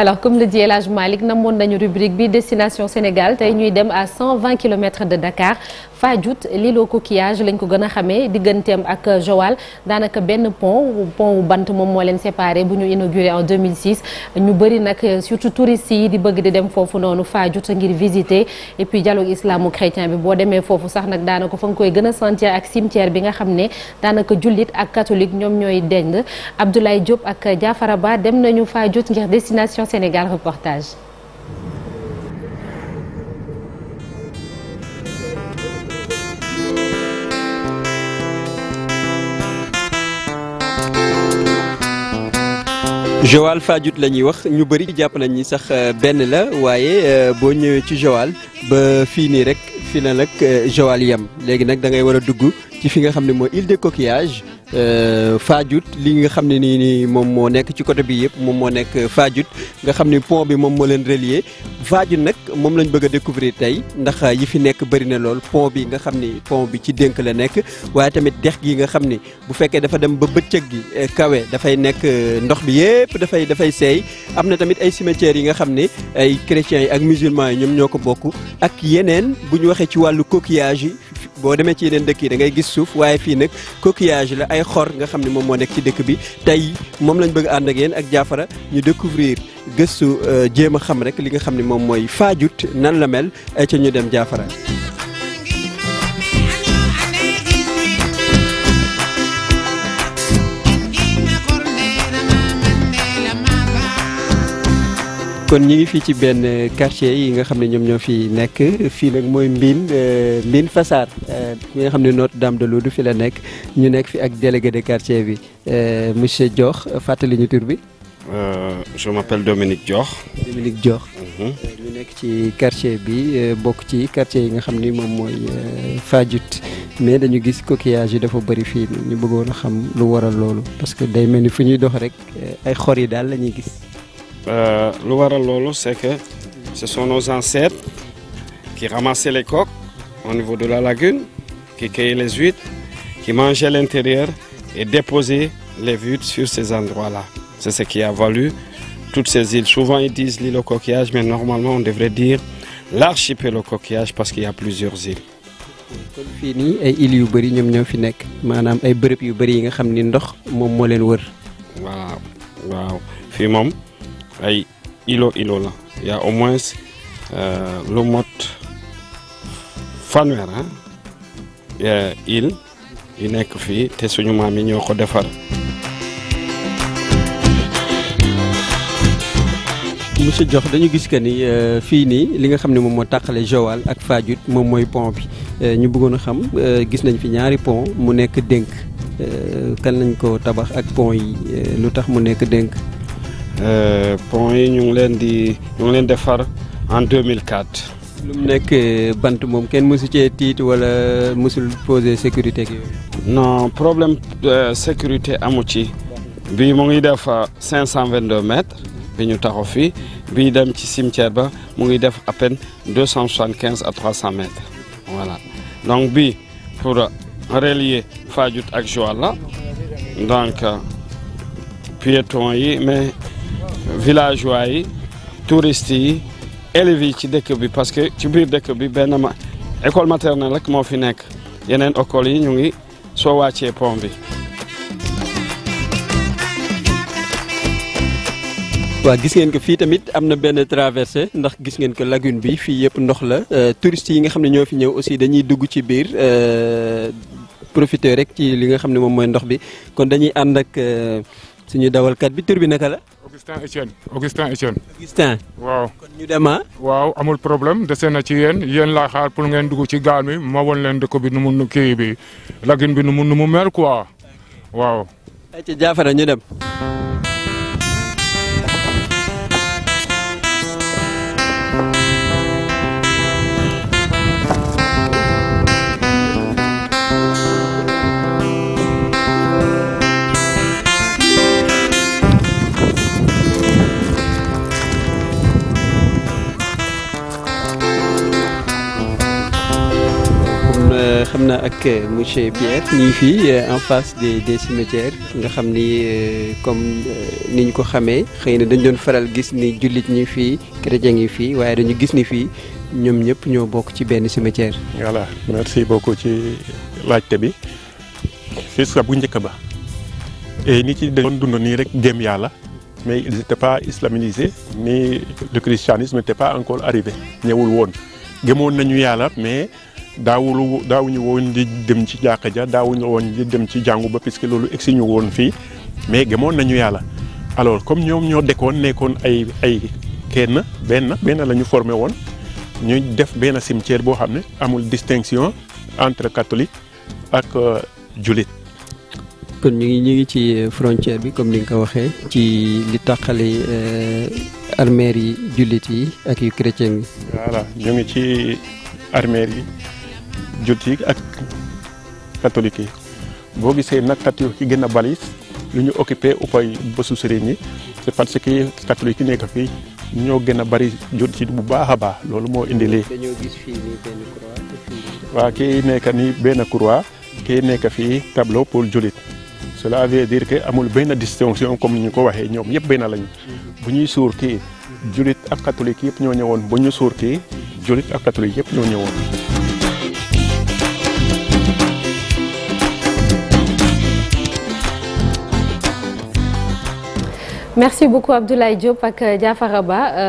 alors comme le dit El Hadj Malick namoon nañu rubrique bi destination Sénégal tey ñuy dem à 120 kilomètres de Dakar Fadiouth lilo au coquillage lañ ko gën a xamee digganteem ak Joal daanaka benn pont pont wu bant moom moo leen séparé bu ñu inauguré en 2006 ñu bëri nag surtout touristes yi di bëgg di dem foofu noonu Fadiouth ngir visiter et puis dialogue islamo-chrétien bi boo demee foofu sax nag daanaka fa nga koy gën a sentir ak cimetière bi nga xam ne daanaka jullit ak catholique ñoom ñooy dend Abdoulaye Diop ak Diafara Ba dem nañu Fadiouth ngir destination Sénégal reportage. Joal Fadiouth la ñuy wax ñu bari jàpp nañ ni sax euh, benn la waaye euh, boo ñëwee ci Joal ba fii nii rek fi na nag euh, Joal yam léegi nag dangay ngay war a dugg ci fi nga xam ne mooy île de coquillage. Euh, Fajut li nga xam ne nii nii moom moo nekk ci côté bi yëpp moom moo nekk Fajut nga xam ni pont bi moom moo leen relier Fajut nag moom lañ bëgg a découvrir tey ndax yi fi nekk bëri na lool pont bi nga xam ni pont bi ci dénk la nekk waaye tamit dex gi nga xam ni bu fekkee dafa dem ba bëccëg gi eh, kawe dafay nekk eh, ndox bi yëpp dafay dafay seey am na tamit ay cimetières yi nga xam ni ay chrétiens yi ak musulmans yi ñoom ñoo ko bokk ak yeneen bu ñu waxee ci wàllu coquillage yi boo demee ci yeneen dëkk yi da ngay gis suuf waaye fii nag coquillage la ay xor nga xam ne moom moo nekk ci dëkk bi tey moom lañ bëgg ànd ak yéen ak Jaafara ñu découvrir gëstu euh, jéem a xam rek li nga xam ne moom mooy faajut nan la mel ci ñu dem Jaafara kon ñi ngi fii ci benn quartier yi nga xam ne ñoom ñoo fi nekk fii nag mooy Mbine euh, Mbine Fassar euh, mi nga xam ne Notre Dame de Lourdes fi la nekk ñu nekk fi ak délégué de quartier bi euh, monsieur Diokh fàttali ñu tur bi. je m'appelle Dominique Diokh. Dominique Diokh. Mhm. ñu nekk ci quartier bi bokk ci quartier yi nga xam ni moom mooy Fadiout mais dañu gis coquillage yi dafa bëri fii ñu bëggoon a xam lu waral loolu parce que day mel ni fu ñuy dox rek ay xor yi daal la ñuy gis. Euh, lu waral loolu c'est que ce sont nos ancêtres qui ramassaient les coques au niveau de la lagune qui cueillaient les huîtres qui mangeaient l'intérieur et déposaient les huîtres sur ces endroits-là c'est ce qui a valu toutes ces îles souvent ils disent l'île au coquillage mais normalement on devrait dire l'archipel au coquillage parce qu'il y a plusieurs îles fii nii ay îles yu bëri ñoom ñoo fi nekk maanaam ay bërëb yu bëri yi nga xam ni ndox moom moo leen wër waaw ay ilo ilo la y au moins euh, lu mot fanweer ah île yu nekk fii te suñu maam yi ñoo ko defar monsieur jox dañu gis que ni euh, fii nii li nga xam ne moom moo tàqale Joal ak Fadiouth moom mooy pon bi euh, ñu buggoon a xam gis nañ fi ñaari pont mu nekk dénk kan nañ ko tabax ak pon yi lu tax mu nekk dénk Euh, pont yi ñu ngi leen di ñu ngi leen defar en 2004. lu mu nekk bant moom kenn mësu cee tiit wala mësul poser sécurité ak non problème euh, sécurité amu ci. bii mu ngi def 522 mètres. bi ñu taxaw fii bii dem ci cimetière ba mu ngi def à peine 275 à 300 mètres voilà donc bii pour relier Fadiouth ak Joal la donc euh, piéton yi villageois yi touriste yi élèves yi ci dëkk bi parce que ci biir dëkk bi benn ma école maternelle rek moo fi nekk yeneen école yi ñu ngi soo wàccee pont bi. waa gis ngeen ko fii tamit am na benn traversée ndax gis ngeen ko lagune bi fii yëpp ndox la euh, touristes yi nga xam ne ñoo fi ñëw aussi dañuy dugg ci biir euh, profiter rek ci li nga xam ne moom mooy ndox bi kon dañuy ànd ak. Euh, suñu dawalkat bi tur bi naka la. Augustin Etienne Augustin Etienne. Augustin. waaw kon ñu dem ah? waaw amul problème dese na ci yéen yéen laa xaar pour ngeen dugg ci gaal mi ma won leen dëkk bi nu mu kii bi lagin bi nu mu nu mu mel quoi waaw. ayca jaafara ñu dem. xam naa ak euh, monsieur Pierre ñii fii euh, en face des des cimetières nga xam ni euh, comme ni ñu ko xamee xëy na dañ doon faral gis ni jullit ñi fii chrétien yi fii waaye dañu gis ni fii ñoom ñëpp ñoo bokk ci benn cimetière. voilà merci beaucoup ci laajte bi fii sax bu njëkk ba nit ci dañ doon dund nii rek gëm yàlla mais ils n'étaient pas islamisés ni le christianisme n'était pas encore arrivé ñëwul woon gëmoon nañu yàlla mais. daawulu daawuñu woon di dem ci jàkka ja daawuñu woon di dem ci jàngu ba puisque loolu egsi ñu woon fii mais gëmoon nañu yàlla alors comme ñoom ñoo dekkoon nekkoon ay ay kenn benn benn la ñu formé woon ñu def benn cimetière boo xam ne amul distinction entre catholique ak euh, julit kon ñu ngi ñu ngi ci frontière bi comme ni nga ko waxee ci li tàqale euh, armeer yi jullit yi ak yu chrétien yi. voilà ñu ngi ci armeer yi jot ak catholique yi boo gisee nag catholique yi gën a bari lu ñu occupé upay bësu sëriñ yi c'est parce que catholique yi nekk fii ñoo gën a bari jot bu baax a baax loolu moo indi lii. dañoo gis fii nii benn kii nekk nii benn croix kii nekk fii tableau pour jullit cela veut dire que amul benn distinction comme ñu ko waxee ñoom yëpp benn lañu. bu ñuy suur kii. jullit ak catholique yëpp ñoo ñëwoon bu ñu suur kii. jullit ak catholique yëpp ñoo ñëwoon. merci beaucoup Abdoulaye Diop ak euh, Diafara Ba El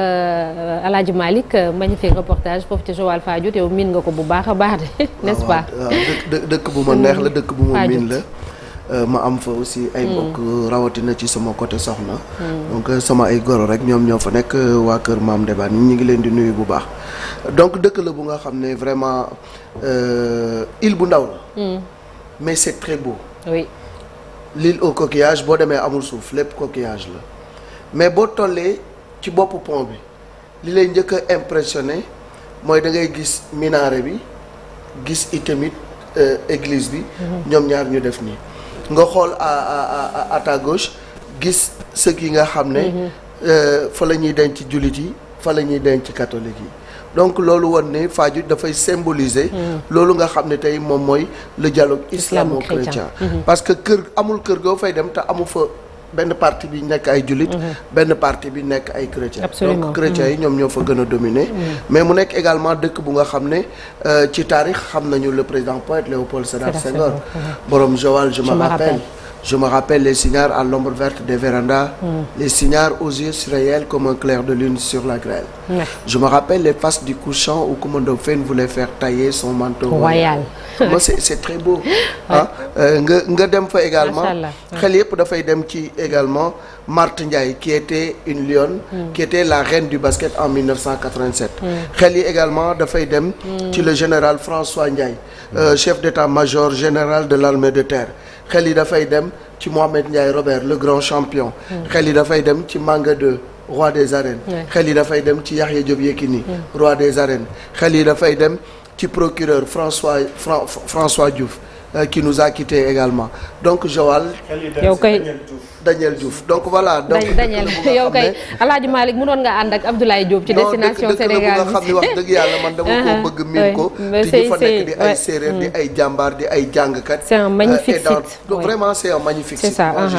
euh, Hadj Malick euh, magnifique reportage foofu ci Joal Fadiouth yow miin nga ko bu baax a baax de n'est-ce pas. Ah, dëkk bu ma neex la dëkk bu ma miin la. ma am fa aussi ay hmm. mbokk rawatina ci sama côté soxna hmm. donc sama ay goro rek ñoom ñoo fa nekk waa kër maam Ndebane ñi ngi leen di nuyu bu baax donc dëkk la bu nga xam ne vraiment île bu ndaw la hmm. mais c'est très beau l'île au coquillage boo demee amul suuf lépp coquillage la mais boo tollee ci boppu pont bi li lay njëkk a impressionné mooy da ngay gis minaret bi gis itamit euh, église bi. Mhm. ñoom ñaar ñu def nii. nga xool à à à ta gis sëg yi nga xam ne. Mhm. Euh, fa la ñuy denc jullit yi fa la ñuy denc catholique yi. donc loolu woon ne Fadiouth dafay symboliser. Hmm. loolu nga xam ne tey moom mooy le dialogue islamo-chrétien hmm. parce que kër amul kër goo fay dem te amu fa benn parti bi nekk ay jullit hmm. benn parti bi nekk ay chrétien donc chrétiens yi ñoom ñoo fa gën a dominer mais mu nekk également dëkk bu nga xam ne euh, ci taarix xam nañu le président poète Léopold Sédar Senghor borom Joal je me rappelle Je me rappelle les signares à l'ombre verte des vérandas, mm. les signares aux yeux réels comme un clair de lune sur la grêle. Je me rappelle les faces du couchant où Commando Fène voulait faire tailler son manteau royal. Ah, c'est très beau. Ah, euh, nga nga dem fa également. xel yëpp dafay dem ci également Marthe Ndiaye qui était une lionne. Mm. qui était la reine du basket en 1987. Mm. xel yi également dafay dem. ci le général François Ndiaye. Euh, chef d'état-major général de l'armée xel yi dafay dem ci Mohamed Ndiaye Robert le grand champion. xel hmm. yi dafay dem ci Manga 2 roi des arènes. xel yi dafay dem ci Yaxya Diop Yekini hmm. roi des arènes xel yi dafay dem ci procureur François François Diouf euh, qui nous a également donc Joal. Daniel Diouf donc voilà. donc Daniel yow kay Alaaji Malick mënoon nga ànd ak Abdoulaye Diop. ci destination Sénégal la bu nga xam ne di ay séeréer di mm. ay jàmbaar di ay jàngkat. c'est un euh, magnifique site donc vraiment c'est c'est ça ah,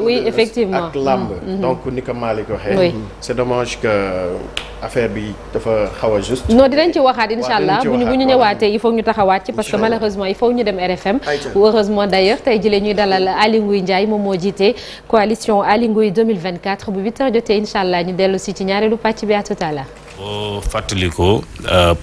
mm, effectivement lamb mm, donc ni ko Malick waxee. c'est dommage que affaire bi dafa xaw a juste. dinañ ci waxaat incha allah bu ñu ñëwaatee il faut ñu taxawaat ci parce que malheureusement il faut ñu dem RFM heureusement d'ailleurs tey jii ñuy dalal Aliou Nguy Ndiaye moom coalition Ali Nguy bu 8 jotee incha allah ñu dellu si ci ñaareelu pàcc bi à tout à l'heure boo